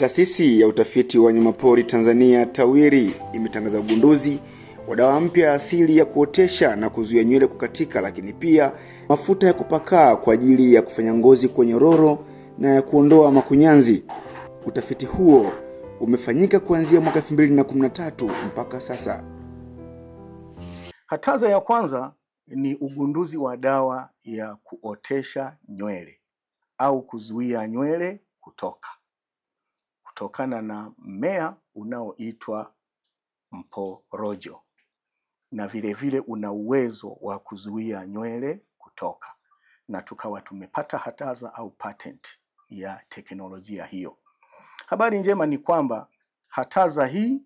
Taasisi ya utafiti wa wanyamapori Tanzania TAWIRI imetangaza ugunduzi wa dawa mpya asili ya kuotesha na kuzuia nywele kukatika, lakini pia mafuta ya kupakaa kwa ajili ya kufanya ngozi kwenye roro na ya kuondoa makunyanzi. Utafiti huo umefanyika kuanzia mwaka 2013 mpaka sasa. Hatazo ya kwanza ni ugunduzi wa dawa ya kuotesha nywele au kuzuia nywele kutoka kutokana na mmea unaoitwa mporojo, na vile vile una uwezo wa kuzuia nywele kutoka, na tukawa tumepata hataza au patent ya teknolojia hiyo. Habari njema ni kwamba hataza hii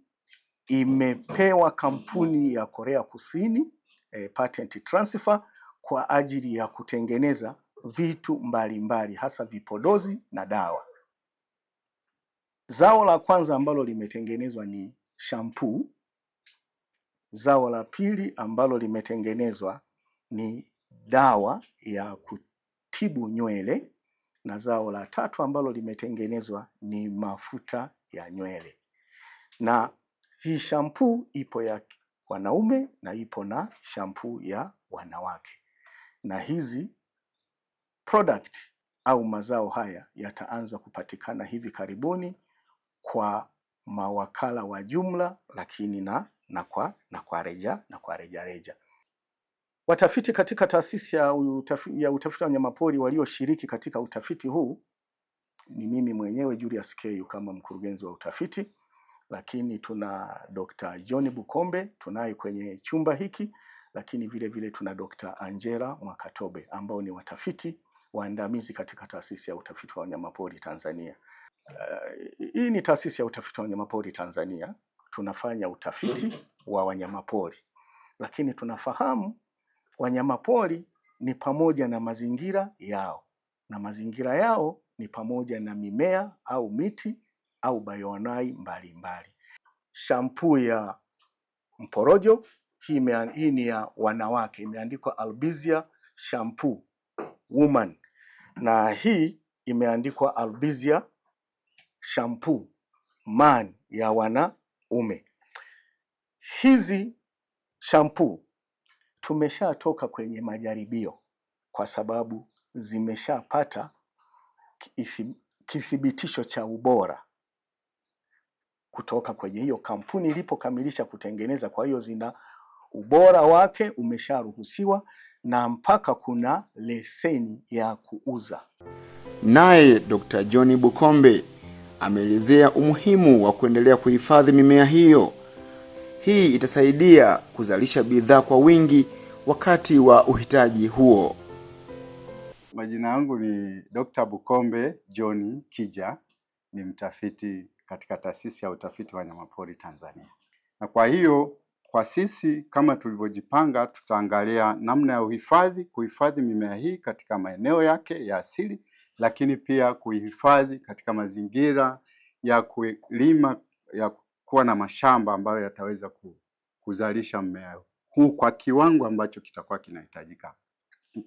imepewa kampuni ya Korea Kusini eh, patent transfer kwa ajili ya kutengeneza vitu mbalimbali mbali, hasa vipodozi na dawa. Zao la kwanza ambalo limetengenezwa ni shampuu. Zao la pili ambalo limetengenezwa ni dawa ya kutibu nywele, na zao la tatu ambalo limetengenezwa ni mafuta ya nywele. Na hii shampuu ipo ya wanaume na ipo na shampuu ya wanawake, na hizi product au mazao haya yataanza kupatikana hivi karibuni kwa mawakala wa jumla, lakini na na kwa na kwa reja na kwa reja reja. Watafiti katika taasisi ya utafiti ya utafiti wa wanyamapori walioshiriki katika utafiti huu ni mimi mwenyewe Julius K kama mkurugenzi wa utafiti, lakini tuna Dr. John Bukombe tunaye kwenye chumba hiki, lakini vile vile tuna Dr. Angela Mwakatobe ambao ni watafiti waandamizi katika taasisi ya utafiti wa wanyamapori Tanzania. Uh, hii ni taasisi ya utafiti wa wanyamapori Tanzania. Tunafanya utafiti wa wanyamapori, lakini tunafahamu wanyamapori ni pamoja na mazingira yao, na mazingira yao ni pamoja na mimea au miti au bayonai mbalimbali. Shampuu ya mporojo hii, mea, hii ni ya wanawake imeandikwa Albizia shampoo woman, na hii imeandikwa Albizia shampoo, man ya wanaume. Hizi shampoo tumeshatoka kwenye majaribio kwa sababu zimeshapata kithibitisho cha ubora kutoka kwenye hiyo kampuni ilipokamilisha kutengeneza. Kwa hiyo zina ubora wake umesharuhusiwa na mpaka kuna leseni ya kuuza. Naye Dr. John Bukombe ameelezea umuhimu wa kuendelea kuhifadhi mimea hiyo. Hii itasaidia kuzalisha bidhaa kwa wingi wakati wa uhitaji huo. Majina yangu ni Dr. Bukombe John Kija, ni mtafiti katika taasisi ya utafiti wa wanyamapori Tanzania. Na kwa hiyo kwa sisi kama tulivyojipanga, tutaangalia namna ya uhifadhi, kuhifadhi mimea hii katika maeneo yake ya asili lakini pia kuhifadhi katika mazingira ya kulima, ya kuwa na mashamba ambayo yataweza kuzalisha mmea huu kwa kiwango ambacho kitakuwa kinahitajika.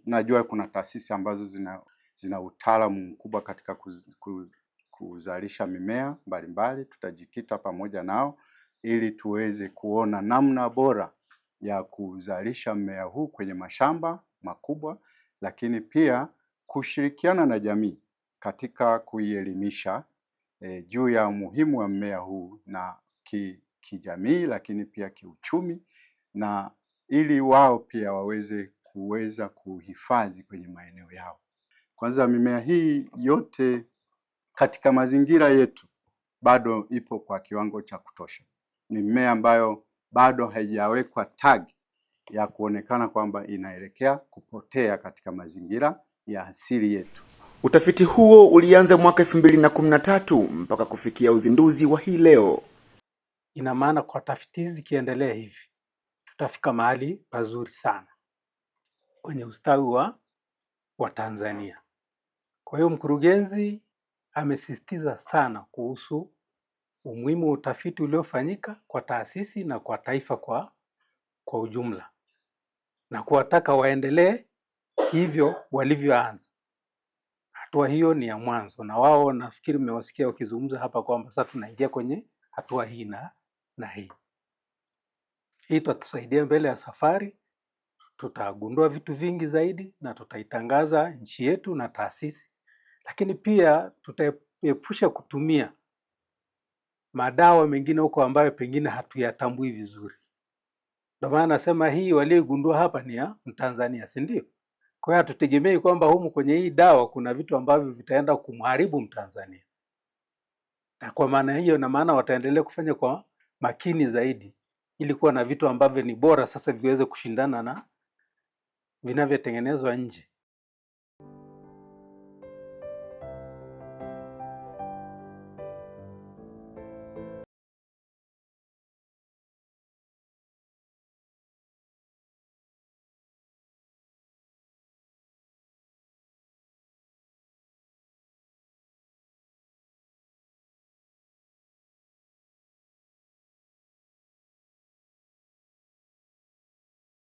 Najua kuna taasisi ambazo zina, zina utaalamu mkubwa katika kuz, kuz, kuzalisha mimea mbalimbali. Tutajikita pamoja nao ili tuweze kuona namna bora ya kuzalisha mmea huu kwenye mashamba makubwa, lakini pia kushirikiana na jamii katika kuielimisha e, juu ya umuhimu wa mmea huu na ki, kijamii lakini pia kiuchumi na ili wao pia waweze kuweza kuhifadhi kwenye maeneo yao. Kwanza, mimea hii yote katika mazingira yetu bado ipo kwa kiwango cha kutosha. Ni mimea ambayo bado haijawekwa tagi ya kuonekana kwamba inaelekea kupotea katika mazingira ya asili yetu. Utafiti huo ulianza mwaka elfu mbili na kumi na tatu mpaka kufikia uzinduzi wa hii leo. Ina maana kwa tafiti hizi zikiendelea hivi tutafika mahali pazuri sana kwenye ustawi wa wa Tanzania. Kwa hiyo mkurugenzi amesisitiza sana kuhusu umuhimu wa utafiti uliofanyika kwa taasisi na kwa taifa kwa, kwa ujumla na kuwataka waendelee hivyo walivyoanza. Hatua hiyo ni ya mwanzo, na wao nafikiri mmewasikia wakizungumza hapa kwamba sasa tunaingia kwenye hatua hii na na hii hii tutatusaidia mbele ya safari. Tutagundua vitu vingi zaidi na tutaitangaza nchi yetu na taasisi, lakini pia tutaepusha kutumia madawa mengine huko ambayo pengine hatuyatambui vizuri. Ndio maana nasema hii walioigundua hapa ni ya Mtanzania, si ndio? Kwa hiyo hatutegemei kwamba humu kwenye hii dawa kuna vitu ambavyo vitaenda kumharibu Mtanzania, na kwa maana hiyo, na maana wataendelea kufanya kwa makini zaidi ili kuwa na vitu ambavyo ni bora sasa viweze kushindana na vinavyotengenezwa nje.